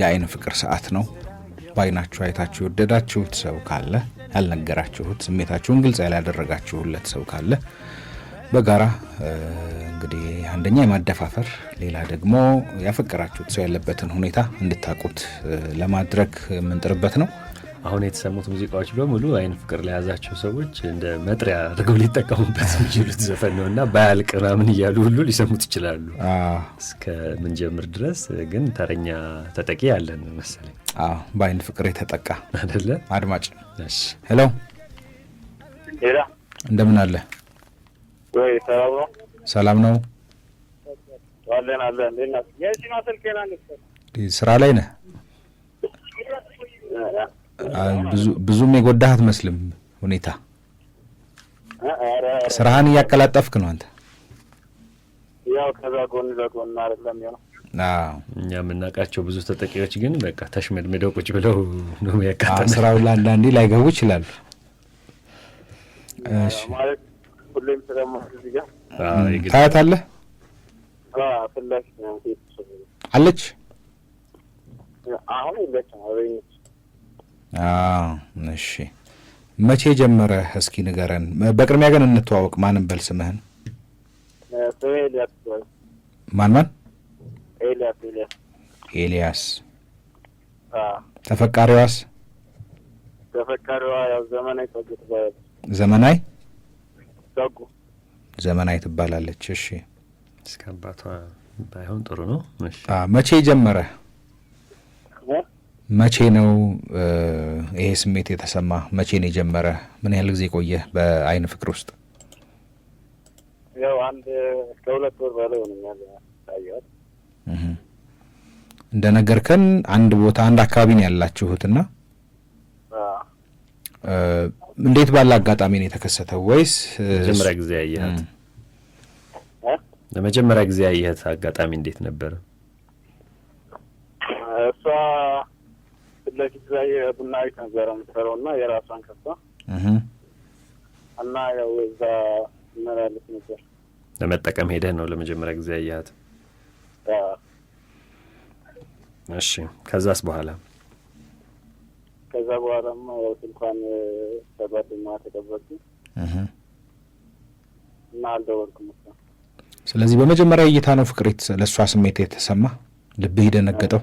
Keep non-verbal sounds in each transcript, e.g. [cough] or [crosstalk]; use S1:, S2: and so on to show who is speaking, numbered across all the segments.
S1: የአይን ፍቅር ሰዓት ነው። በአይናችሁ አይታችሁ የወደዳችሁት ሰው ካለ ያልነገራችሁት፣ ስሜታችሁን ግልጽ ያላደረጋችሁለት ሰው ካለ በጋራ እንግዲህ አንደኛ የማደፋፈር ሌላ ደግሞ ያፈቀራችሁት ሰው ያለበትን ሁኔታ እንድታቁት ለማድረግ የምንጥርበት ነው።
S2: አሁን የተሰሙት ሙዚቃዎች በሙሉ አይን ፍቅር ለያዛቸው ሰዎች እንደ መጥሪያ አድርገው ሊጠቀሙበት የሚችሉት ዘፈን ነው እና ባያልቅ ምናምን እያሉ ሁሉ ሊሰሙት ይችላሉ። ጀምር ድረስ ግን ተረኛ ተጠቂ ያለን መሰለኝ።
S1: በአይን ፍቅር የተጠቃ አደለ አድማጭ። ሄሎ እንደምን አለ? ሰላም ነው ስራ ላይ ነህ? ብዙም የጎዳህ አትመስልም። ሁኔታ ስራህን እያቀላጠፍክ ነው አንተ።
S3: ያው ከዛ ጎን ለጎን አይደለም ያው
S2: እኛ የምናውቃቸው ብዙ ተጠቂዎች ግን በቃ ተሽመድምደው ቁጭ ብለው
S1: ነው ያቃጠ ስራው ለአንዳንዴ ላይገቡ ይችላሉ። ታያት አለ አለች አሁን እሺ መቼ ጀመረ? እስኪ ንገረን። በቅድሚያ ግን እንተዋወቅ። ማንም በል ስምህን። ማን ማን? ኤልያስ። ተፈቃሪዋስ?
S3: ተፈቃሪዋ ዘመናይ
S1: ዘመናይ ትባላለች። እሺ
S2: እስከ አባቷ ባይሆን ጥሩ ነው።
S1: መቼ ጀመረ? መቼ ነው ይሄ ስሜት የተሰማ? መቼ ነው የጀመረ? ምን ያህል ጊዜ ቆየ በአይን ፍቅር ውስጥ?
S3: ያው አንድ እስከ ሁለት ወር በላይ ሆነኛል ታየዋል።
S1: እንደነገርከን አንድ ቦታ አንድ አካባቢ ነው ያላችሁትና እንዴት ባለ አጋጣሚ ነው የተከሰተው? ወይስ
S2: ለመጀመሪያ ጊዜ ያየሃት? ለመጀመሪያ ጊዜ ያየሃት አጋጣሚ እንዴት ነበረ?
S3: እሷ ለፊት ላይ ቡና ቤት ነበረ የምትሰራው እና የራሷን ከፍታ እና ያው እዛ እመላለስ ነበር።
S2: ለመጠቀም ሄደህ ነው ለመጀመሪያ ጊዜ ያያት?
S1: እሺ። ከዛስ በኋላ
S3: ከዛ በኋላማ ያው ስልኳን በጓደኛ ተቀበልኩ እና አልደወልኩም።
S1: ስለዚህ በመጀመሪያ እይታ ነው ፍቅር ለእሷ ስሜት የተሰማ ልብህ ይደነገጠው?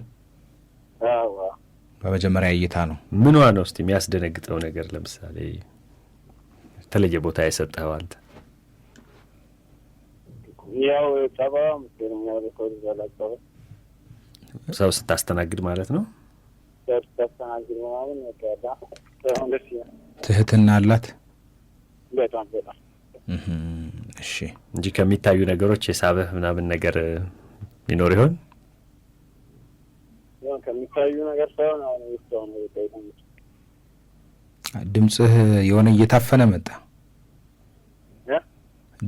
S1: በመጀመሪያ እይታ ነው።
S2: ምኗ ነው እስቲ የሚያስደነግጠው ነገር? ለምሳሌ የተለየ ቦታ የሰጠኸው አንተ?
S3: ያው
S1: ሰው ስታስተናግድ ማለት ነው። ትህትና አላት በጣም በጣም። እሺ
S2: እንጂ ከሚታዩ ነገሮች የሳበህ ምናምን ነገር ይኖር ይሆን?
S3: ከሚታዩ ነገር ሳይሆን አሁን ውስጥ
S1: የሆነ እየታፈነ መጣ።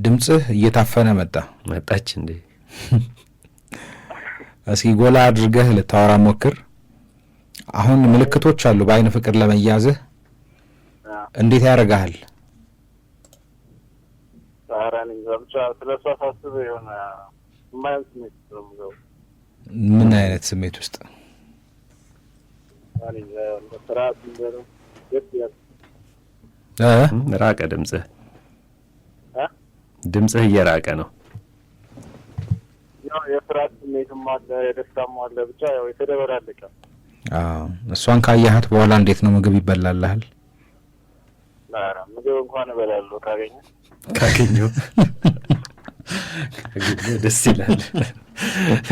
S1: ድምጽህ እየታፈነ መጣ
S2: መጣች እንዴ? [laughs]
S1: እስኪ ጎላ አድርገህ ልታወራ ሞክር። አሁን ምልክቶች አሉ በአይን ፍቅር ለመያዝህ እንዴት ያደርግሃል? ምን አይነት ስሜት ውስጥ
S2: ራቀ ድምፅህ ድምፅህ እየራቀ ነው።
S3: የፍርሃት ስሜትም አለ፣ የደስታም አለ። ብቻ ያው የተደበላለቀ።
S1: እሷን ካያሀት በኋላ እንዴት ነው ምግብ ይበላልሃል?
S3: ምግብ እንኳን እበላለሁ ካገኘ
S1: [laughs]
S2: ደስ ይላል።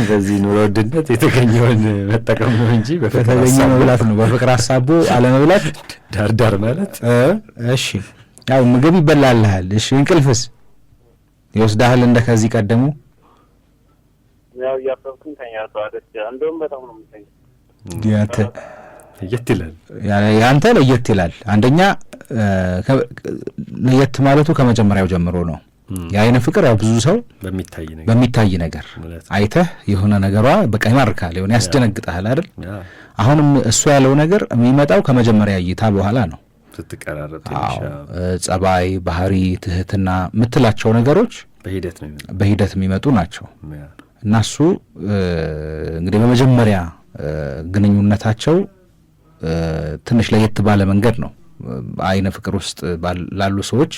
S2: በዚህ ኑሮ ውድነት የተገኘውን መጠቀም ነው እንጂ በተገኘ
S1: መብላት ነው። በፍቅር ሀሳቡ አለመብላት
S2: ዳርዳር ማለት
S1: እሺ። ያው ምግብ ይበላልሃል። እሺ፣ እንቅልፍስ ይወስዳሃል? እንደ ከዚህ ቀደሙ
S3: ያው እያፈብኩኝ ተኛለሁ። አደስ እንደውም በጣም ነው የምተኛው።
S1: ያንተ ለየት ይላል። ያንተ ለየት ይላል። አንደኛ ለየት ማለቱ ከመጀመሪያው ጀምሮ ነው የአይን ፍቅር ያው ብዙ ሰው በሚታይ ነገር አይተህ የሆነ ነገሯ በቃ ይማርካል፣ የሆነ ያስደነግጠሃል አይደል? አሁንም እሱ ያለው ነገር የሚመጣው ከመጀመሪያ እይታ በኋላ ነው። ጸባይ፣ ባህሪ፣ ትህትና የምትላቸው ነገሮች በሂደት የሚመጡ ናቸው እና እሱ እንግዲህ በመጀመሪያ ግንኙነታቸው ትንሽ ለየት ባለ መንገድ ነው አይነ ፍቅር ውስጥ ላሉ ሰዎች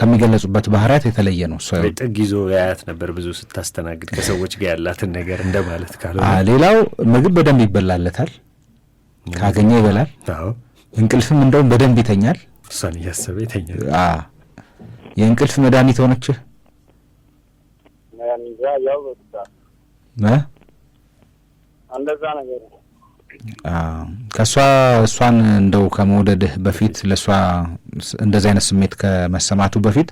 S1: ከሚገለጹበት ባህሪያት የተለየ ነው።
S2: ጥግ ይዞ ያያት ነበር ብዙ ስታስተናግድ ከሰዎች ጋር ያላትን ነገር እንደማለት
S1: ካልሆነ፣ ሌላው ምግብ በደንብ ይበላለታል፣ ካገኘ ይበላል። እንቅልፍም እንደውም በደንብ ይተኛል።
S2: እሷን እያሰበ ይተኛል።
S1: የእንቅልፍ መድኃኒት ሆነችህ።
S3: እንደዛ ነገር
S1: ከእሷ እሷን እንደው ከመውደድህ በፊት ለእሷ እንደዚህ አይነት ስሜት ከመሰማቱ በፊት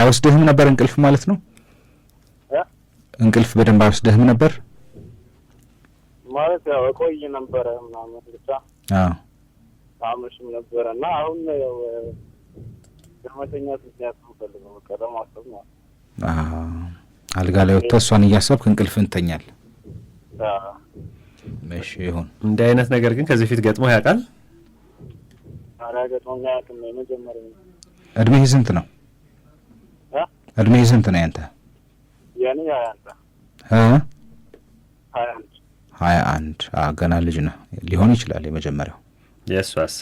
S1: አይወስድህም ነበር እንቅልፍ ማለት ነው? እንቅልፍ በደንብ አይወስድህም ነበር
S3: ማለት ያው እቆይ ነበረ ምናምን ብቻ አመሽም ነበረ እና አሁን ያው ለመተኛት ምክንያት ፈልገው በቃ ለማሰብ
S1: ማለት አልጋ ላይ ወጥተህ እሷን እያሰብክ እንቅልፍ እንተኛል መሽ ይሁን።
S2: እንዲህ አይነት ነገር ግን ከዚህ ፊት ገጥሞ ያውቃል?
S1: እድሜህ ስንት ነው? እድሜህ ስንት ነው ያንተ? ሀያ አንድ ገና ልጅ ነህ። ሊሆን ይችላል የመጀመሪያው
S2: የእሷስ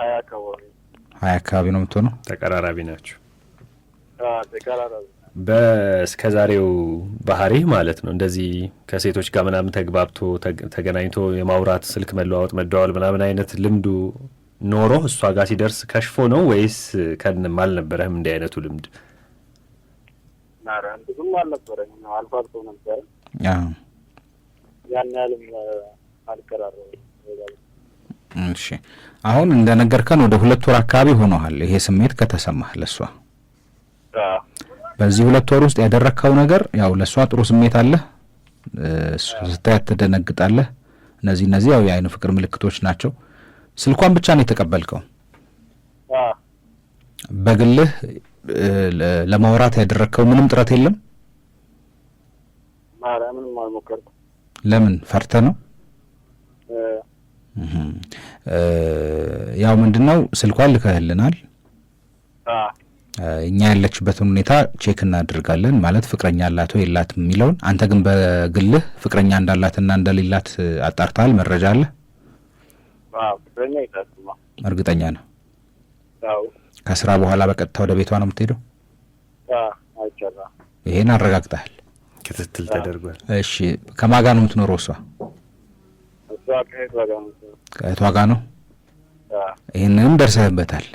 S3: ሀያ
S1: አካባቢ ነው የምትሆነው።
S2: ተቀራራቢ ናቸው። ተቀራራቢ በእስከዛሬው ባህሪህ ማለት ነው እንደዚህ ከሴቶች ጋር ምናምን ተግባብቶ ተገናኝቶ የማውራት ስልክ መለዋወጥ መደዋወል ምናምን አይነት ልምዱ ኖሮ እሷ ጋር ሲደርስ ከሽፎ ነው ወይስ ከንም አልነበረህም? እንዲህ አይነቱ ልምድ
S3: ብዙም አልነበረኝ። አልፎ አልፎ ነበረ። ያን ያህልም
S1: እሺ፣ አሁን እንደነገርከን ወደ ሁለት ወር አካባቢ ሆነሃል ይሄ ስሜት ከተሰማህ ለእሷ በዚህ ሁለት ወር ውስጥ ያደረግከው ነገር ያው ለእሷ ጥሩ ስሜት አለህ፣ ስታያት ትደነግጣለህ። እነዚህ እነዚህ ያው የአይን ፍቅር ምልክቶች ናቸው። ስልኳን ብቻ ነው የተቀበልከው። በግልህ ለማውራት ያደረግከው ምንም ጥረት የለም። ለምን ፈርተ ነው? ያው ምንድን ነው ስልኳን ልከህልናል እኛ ያለችበትን ሁኔታ ቼክ እናደርጋለን። ማለት ፍቅረኛ አላት ወይ የላት የሚለውን አንተ ግን በግልህ ፍቅረኛ እንዳላትና እንደሌላት አጣርተሃል? መረጃ አለ? እርግጠኛ ነው? ከስራ በኋላ በቀጥታ ወደ ቤቷ ነው የምትሄደው? ይሄን አረጋግጠሃል?
S2: ክትትል ተደርጓል።
S1: እሺ፣ ከማን ጋር ነው የምትኖረው? እሷ
S3: ከእህቷ
S1: ጋር ነው። ይህንንም ደርሰህበታል።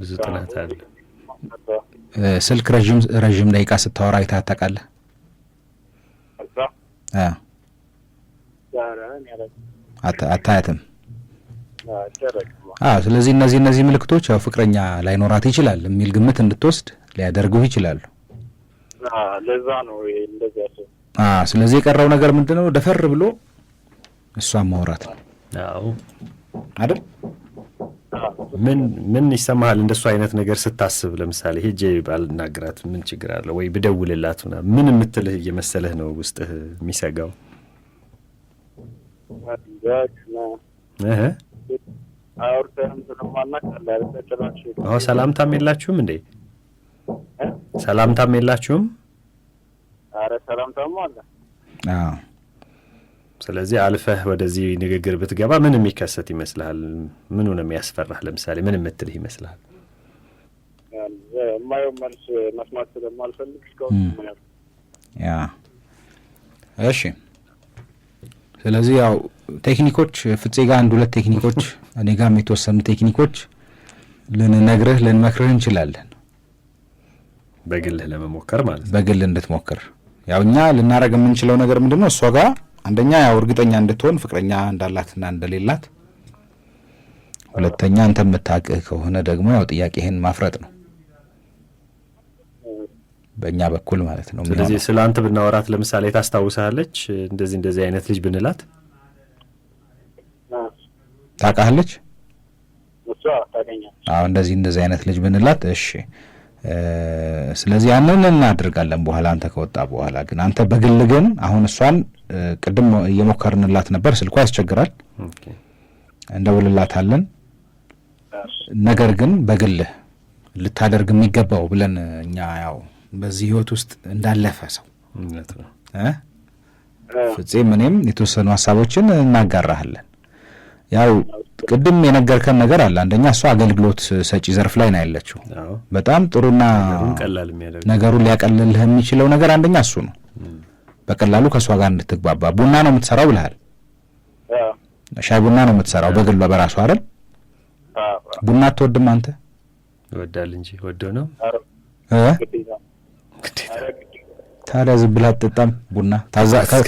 S2: ብዙ ጥናት አለ
S1: ስልክ ረዥም ረዥም ደቂቃ ስታወራ አይተህ ታውቃለህ? አታያትም? ስለዚህ እነዚህ እነዚህ ምልክቶች ያው ፍቅረኛ ላይኖራት ይችላል የሚል ግምት እንድትወስድ ሊያደርጉህ ይችላሉ። ለዛ ነው ስለዚህ የቀረው ነገር ምንድነው? ደፈር ብሎ እሷን ማውራት ነው አይደል?
S2: ምን ምን ይሰማሃል? እንደሱ አይነት ነገር ስታስብ ለምሳሌ ሄጄ ባልናገራት ምን ችግር አለ ወይ ብደውልላት ምናምን ምን የምትልህ እየመሰለህ ነው ውስጥህ የሚሰጋው?
S1: አዎ ሰላምታም የላችሁም እንዴ? ሰላምታም የላችሁም?
S3: አለ
S2: ስለዚህ አልፈህ ወደዚህ ንግግር ብትገባ ምን የሚከሰት ይመስልሃል? ምኑ ነው የሚያስፈራህ? ለምሳሌ ምን የምትልህ ይመስልሃል?
S3: የማየው መልስ መስማት ስለማልፈልግ እስካሁን
S1: ያ እሺ። ስለዚህ ያው ቴክኒኮች ፍጼ ጋ አንድ ሁለት ቴክኒኮች እኔ ጋም የተወሰኑ ቴክኒኮች ልንነግርህ ልንመክርህ እንችላለን።
S2: በግልህ ለመሞከር ማለት
S1: በግልህ እንድትሞክር ያው እኛ ልናደርግ የምንችለው ነገር ምንድን ነው እሷ ጋር አንደኛ ያው እርግጠኛ እንድትሆን ፍቅረኛ እንዳላትና እንደሌላት፣ ሁለተኛ አንተ የምታውቅህ ከሆነ ደግሞ ያው ጥያቄህን ማፍረጥ ነው በእኛ በኩል ማለት ነው።
S2: ስለዚህ ስለ አንተ ብናወራት ለምሳሌ ታስታውሳለች፣ እንደዚህ እንደዚህ አይነት ልጅ ብንላት
S1: ታውቃለች፣ እንደዚህ እንደዚህ አይነት ልጅ ብንላት እሺ። ስለዚህ ያንን እናድርጋለን በኋላ አንተ ከወጣ በኋላ ግን አንተ በግል ግን አሁን እሷን ቅድም እየሞከርንላት ነበር። ስልኳ ያስቸግራል፣ እንደውልላታለን። ነገር ግን በግልህ ልታደርግ የሚገባው ብለን እኛ ያው በዚህ ህይወት ውስጥ እንዳለፈ ሰው ፍጹም እኔም የተወሰኑ ሀሳቦችን እናጋራሃለን። ያው ቅድም የነገርከን ነገር አለ። አንደኛ እሷ አገልግሎት ሰጪ ዘርፍ ላይ ነው ያለችው። በጣም ጥሩና ነገሩን ሊያቀልልህ የሚችለው ነገር አንደኛ እሱ ነው። በቀላሉ ከእሷ ጋር እንድትግባባ ቡና ነው የምትሰራው ብልሃል። ሻይ ቡና ነው የምትሰራው በግሏ በራሷ አይደል? ቡና አትወድም አንተ?
S2: ይወዳል እንጂ ወዶ ነው
S1: ታዲያ ዝም ብላ አትጠጣም ቡና?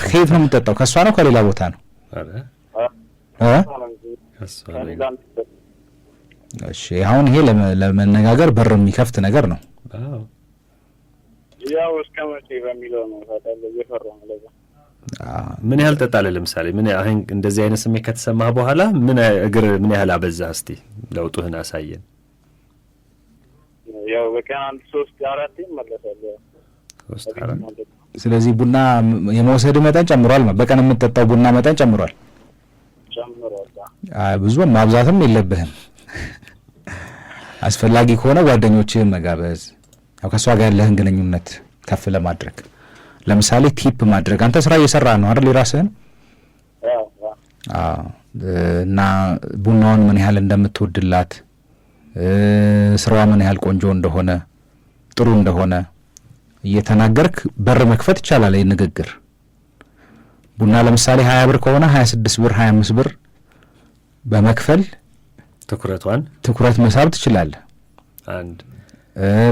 S1: ከየት ነው የምትጠጣው? ከእሷ ነው ከሌላ ቦታ ነው? እሺ አሁን ይሄ ለመነጋገር በር የሚከፍት ነገር ነው።
S3: ያው እስከ መቼ በሚለው ነው እየፈራ ነው።
S1: ምን ያህል ጠጣለ? ለምሳሌ ምን አሁን እንደዚህ አይነት ስሜት ከተሰማህ በኋላ ምን እግር ምን ያህል አበዛ? እስቲ ለውጡህን አሳየን።
S3: ያው በቀን አንድ ሶስት አራት እመለሳለሁ።
S1: ስለዚህ ቡና የመውሰድ መጠን ጨምሯል። በቀን የምትጠጣው ቡና መጠን ጨምሯል። ብዙ ማብዛትም የለብህም። አስፈላጊ ከሆነ ጓደኞችህን መጋበዝ ያው ከእሷ ጋር ያለህን ግንኙነት ከፍ ለማድረግ ለምሳሌ ቲፕ ማድረግ አንተ ስራ እየሰራ ነው አይደል? የራስህን እና ቡናውን ምን ያህል እንደምትወድላት ስራዋ ምን ያህል ቆንጆ እንደሆነ ጥሩ እንደሆነ እየተናገርክ በር መክፈት ይቻላል። ንግግር ቡና ለምሳሌ ሀያ ብር ከሆነ ሀያ ስድስት ብር ሀያ አምስት ብር በመክፈል ትኩረቷን ትኩረት መሳብ ትችላለህ።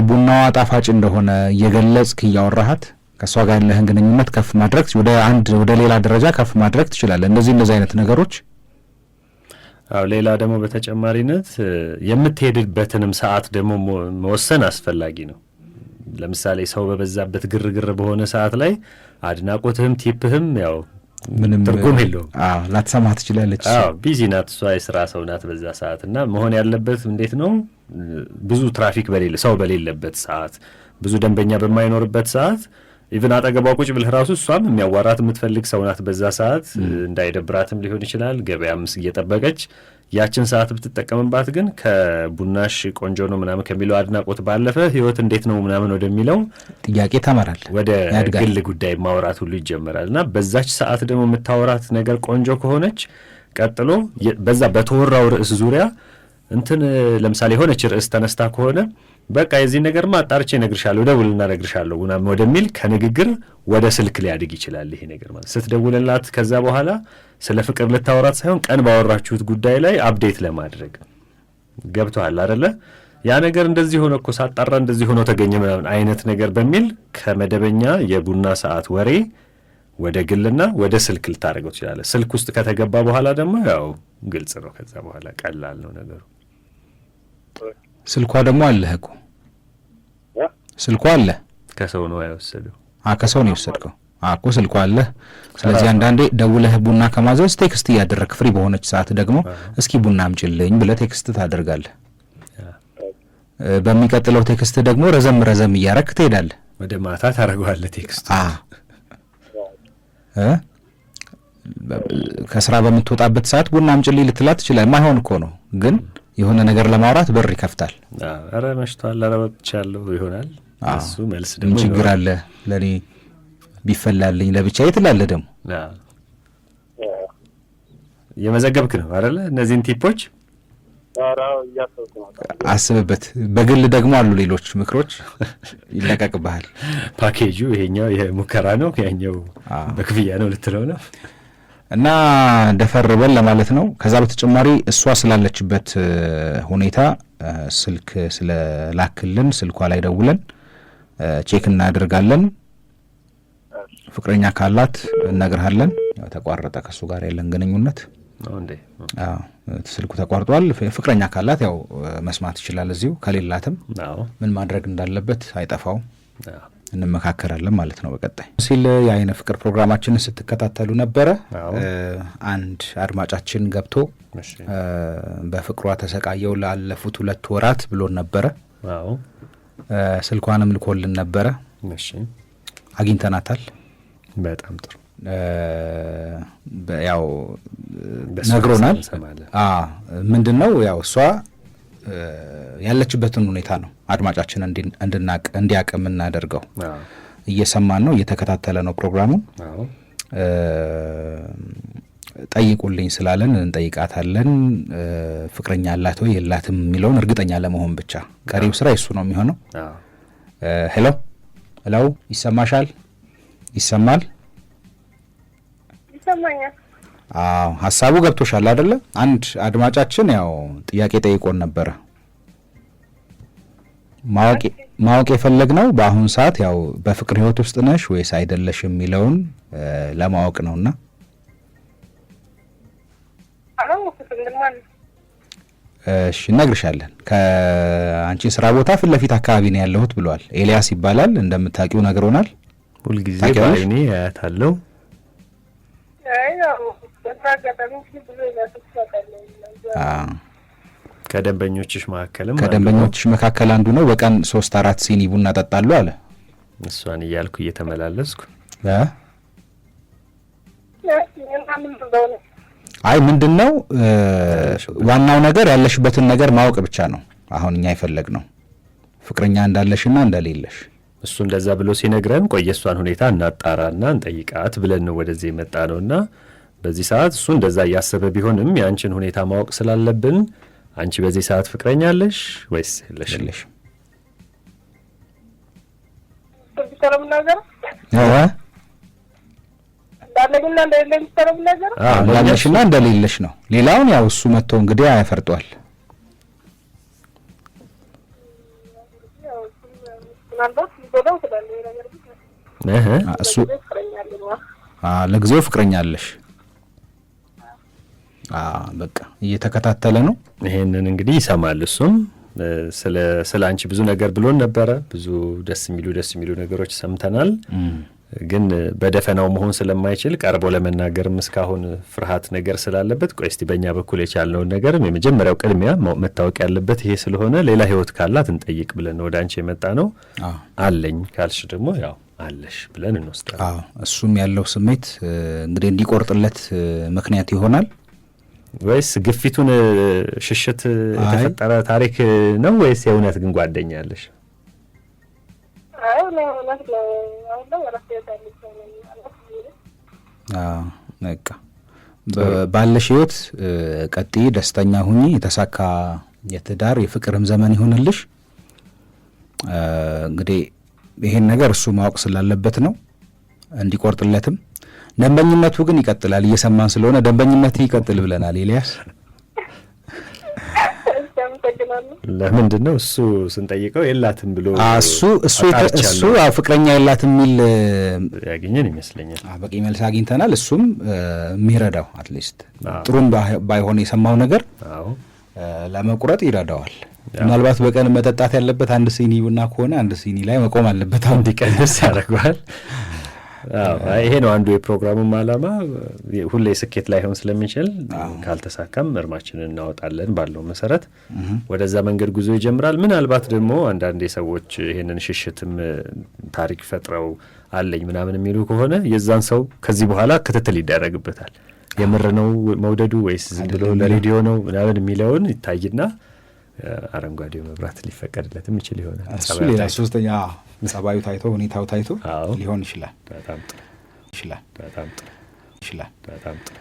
S1: ቡናዋ ጣፋጭ እንደሆነ እየገለጽክ እያወራሃት ከእሷ ጋር ያለህን ግንኙነት ከፍ ማድረግ ወደ አንድ ወደ ሌላ ደረጃ ከፍ ማድረግ ትችላለህ። እነዚህ እነዚህ አይነት ነገሮች
S2: አዎ። ሌላ ደግሞ በተጨማሪነት የምትሄድበትንም ሰዓት ደግሞ መወሰን አስፈላጊ ነው። ለምሳሌ ሰው በበዛበት ግርግር በሆነ ሰዓት ላይ አድናቆትህም ቲፕህም ያው
S1: ምንም ትርጉም የለውም። ላትሰማ ትችላለች።
S2: ቢዚ ናት እሷ፣ የስራ ሰው ናት በዛ ሰዓት እና መሆን ያለበት እንዴት ነው ብዙ ትራፊክ በሌለ ሰው በሌለበት ሰዓት ብዙ ደንበኛ በማይኖርበት ሰዓት ኢቭን አጠገቧ ቁጭ ብልህ ራሱ እሷም የሚያዋራት የምትፈልግ ሰው ናት። በዛ ሰዓት እንዳይደብራትም ሊሆን ይችላል። ገበያም እየጠበቀች ያችን ሰዓት ብትጠቀምባት ግን ከቡናሽ ቆንጆ ነው ምናምን ከሚለው አድናቆት ባለፈ ህይወት እንዴት ነው ምናምን ወደሚለው
S1: ጥያቄ ተመራል።
S2: ወደ ግል ጉዳይ ማውራት ሁሉ ይጀመራል እና በዛች ሰዓት ደግሞ የምታወራት ነገር ቆንጆ ከሆነች ቀጥሎ በዛ በተወራው ርዕስ ዙሪያ እንትን ለምሳሌ የሆነች ርዕስ ተነስታ ከሆነ በቃ የዚህ ነገር አጣርቼ እነግርሻለሁ፣ እደውልና እነግርሻለሁ ምናምን ወደሚል ከንግግር ወደ ስልክ ሊያድግ ይችላል። ይሄ ነገር ማለት ስትደውልላት ከዛ በኋላ ስለ ፍቅር ልታወራት ሳይሆን ቀን ባወራችሁት ጉዳይ ላይ አብዴት ለማድረግ ገብቶሃል አደለ? ያ ነገር እንደዚህ ሆነ እኮ ሳጣራ እንደዚህ ሆኖ ተገኘ ምናምን አይነት ነገር በሚል ከመደበኛ የቡና ሰዓት ወሬ ወደ ግልና ወደ ስልክ ልታደርገው ትችላለህ። ስልክ ውስጥ ከተገባ በኋላ ደግሞ ያው ግልጽ ነው። ከዛ በኋላ ቀላል ነው ነገሩ።
S1: ስልኳ ደግሞ አለህ እኮ ስልኳ አለ።
S2: ከሰው ነው ያወሰደው።
S1: ከሰው ነው የወሰድከው እኮ ስልኳ አለ። ስለዚህ አንዳንዴ ደውለህ ቡና ከማዘዝ ቴክስት እያደረግ ፍሪ በሆነች ሰዓት ደግሞ እስኪ ቡና አምጪልኝ ብለህ ቴክስት ታደርጋለህ። በሚቀጥለው ቴክስት ደግሞ ረዘም ረዘም እያረክ ትሄዳለህ።
S2: ወደ ማታ ታደርገዋለህ ቴክስት
S1: ከስራ በምትወጣበት ሰዓት ቡና አምጪልኝ ልትላት ትችላለህ። ማይሆን እኮ ነው ግን የሆነ ነገር ለማውራት በር ይከፍታል።
S2: ኧረ መሽቷል፣ ኧረ ወጥቻለሁ ይሆናል። እሱ መልስ
S1: ደግሞ ችግር አለ ለእኔ ቢፈላልኝ ለብቻ የትላለ ደግሞ
S2: የመዘገብክ ነው አይደለ? እነዚህን ቲፖች
S1: አስብበት። በግል ደግሞ አሉ ሌሎች ምክሮች ይለቀቅብሃል።
S2: ፓኬጁ ይሄኛው የሙከራ ነው፣ ያኛው በክፍያ ነው ልትለው ነው።
S1: እና ደፈር በል ለማለት ነው። ከዛ በተጨማሪ እሷ ስላለችበት ሁኔታ ስልክ ስለላክልን ስልኳ ላይ ደውለን ቼክ እናደርጋለን። ፍቅረኛ ካላት እነግርሃለን። ተቋረጠ፣ ከእሱ ጋር ያለን ግንኙነት ስልኩ ተቋርጧል። ፍቅረኛ ካላት ያው መስማት ይችላል እዚሁ፣ ከሌላትም ምን ማድረግ እንዳለበት አይጠፋውም። እንመካከራለን ማለት ነው። በቀጣይ ሲል የአይነ ፍቅር ፕሮግራማችንን ስትከታተሉ ነበረ። አንድ አድማጫችን ገብቶ በፍቅሯ ተሰቃየው ላለፉት ሁለት ወራት ብሎን ነበረ። ስልኳንም ልኮልን ነበረ። አግኝተናታል። በጣም ጥሩ ያው ነግሮናል። ምንድን ነው ያው እሷ ያለችበትን ሁኔታ ነው አድማጫችን እንዲያቅ የምናደርገው። እየሰማን ነው፣ እየተከታተለ ነው ፕሮግራሙን። ጠይቁልኝ ስላለን እንጠይቃታለን። ፍቅረኛ አላት ወይ የላትም የሚለውን እርግጠኛ ለመሆን ብቻ ቀሪው ስራ የሱ ነው የሚሆነው። ሄሎ ሄሎ፣ ይሰማሻል? ይሰማል? ይሰማኛል አዎ ሀሳቡ ገብቶሻል አደለ? አንድ አድማጫችን ያው ጥያቄ ጠይቆን ነበረ። ማወቅ የፈለግ ነው በአሁኑ ሰዓት ያው በፍቅር ህይወት ውስጥ ነሽ ወይስ አይደለሽ የሚለውን ለማወቅ ነው። እሺ እነግርሻለን። ከአንቺ ስራ ቦታ ፊት ለፊት አካባቢ ነው ያለሁት ብሏል። ኤልያስ ይባላል እንደምታውቂው ነግሮናል።
S2: ሁልጊዜ በአይኔ አያታለሁ ከደንበኞችሽ መካከልም
S1: ከደንበኞችሽ መካከል አንዱ ነው። በቀን ሶስት አራት ሲኒ ቡና ጠጣሉ አለ።
S2: እሷን እያልኩ እየተመላለስኩ
S1: አይ ምንድን ነው ዋናው ነገር ያለሽበትን ነገር ማወቅ ብቻ ነው። አሁን እኛ የፈለግ ነው ፍቅረኛ እንዳለሽና እንደሌለሽ
S2: እሱ እንደዛ ብሎ ሲነግረን ቆየ እሷን ሁኔታ እናጣራና እንጠይቃት ብለን ነው ወደዚህ የመጣ ነውና በዚህ ሰዓት እሱ እንደዛ እያሰበ ቢሆንም የአንቺን ሁኔታ ማወቅ ስላለብን አንቺ በዚህ ሰዓት ፍቅረኛ አለሽ ወይስ
S1: የለሽ? እንዳለሽና እንደሌለሽ ነው። ሌላውን ያው እሱ መጥቶ እንግዲህ አያፈርጧል። ለጊዜው ፍቅረኛ አለሽ በቃ እየተከታተለ ነው።
S2: ይሄንን እንግዲህ ይሰማል እሱም ስለ አንቺ ብዙ ነገር ብሎን ነበረ። ብዙ ደስ የሚሉ ደስ የሚሉ ነገሮች ሰምተናል። ግን በደፈናው መሆን ስለማይችል ቀርቦ ለመናገርም እስካሁን ፍርሃት ነገር ስላለበት ቆይ እስቲ በእኛ በኩል የቻልነውን ነገር የመጀመሪያው ቅድሚያ መታወቅ ያለበት ይሄ ስለሆነ ሌላ ህይወት ካላት እንጠይቅ ብለን ወደ አንቺ የመጣ ነው። አለኝ ካልሽ ደግሞ ያው አለሽ ብለን እንወስዳለን።
S1: እሱም ያለው ስሜት እንግዲህ እንዲቆርጥለት ምክንያት ይሆናል።
S2: ወይስ ግፊቱን ሽሽት የተፈጠረ ታሪክ ነው ወይስ የእውነት ግን ጓደኛ ያለሽ?
S1: በቃ ባለሽ ህይወት ቀጥዪ፣ ደስተኛ ሁኚ። የተሳካ የትዳር የፍቅርም ዘመን ይሆንልሽ። እንግዲህ ይሄን ነገር እሱ ማወቅ ስላለበት ነው እንዲቆርጥለትም ደንበኝነቱ ግን ይቀጥላል። እየሰማን ስለሆነ ደንበኝነት ይቀጥል ብለናል። ኤልያስ
S2: ለምንድን ነው እሱ ስንጠይቀው የላትም ብሎ
S1: እሱ እሱ ፍቅረኛ የላትም የሚል
S2: ያገኘን ይመስለኛል።
S1: በቂ መልስ አግኝተናል። እሱም የሚረዳው አትሊስት ጥሩም ባይሆን የሰማው ነገር ለመቁረጥ ይረዳዋል። ምናልባት በቀን መጠጣት ያለበት አንድ ሲኒ ቡና ከሆነ አንድ ሲኒ ላይ መቆም አለበት። አንድ ቀንስ
S2: ያደርገዋል። [laughs] ይሄ ነው አንዱ የፕሮግራሙም ዓላማ። ሁሌ ስኬት ላይሆን ስለሚችል ካልተሳካም እርማችንን እናወጣለን ባለው መሰረት ወደዛ መንገድ ጉዞ ይጀምራል። ምናልባት ደግሞ አንዳንድ ሰዎች ይሄንን ሽሽትም ታሪክ ፈጥረው አለኝ ምናምን የሚሉ ከሆነ የዛን ሰው ከዚህ በኋላ ክትትል ይደረግበታል። የምር ነው መውደዱ ወይስ ዝም ብሎ ለሬዲዮ ነው ምናምን የሚለውን ይታይና አረንጓዴ መብራት ሊፈቀድለት ይችል ይሆናል።
S1: እሱ ሌላ ሶስተኛ ጸባዩ ታይቶ ሁኔታው ታይቶ ሊሆን ይችላል። በጣም ጥሩ ይችላል። በጣም ጥሩ ይችላል።
S2: በጣም ጥሩ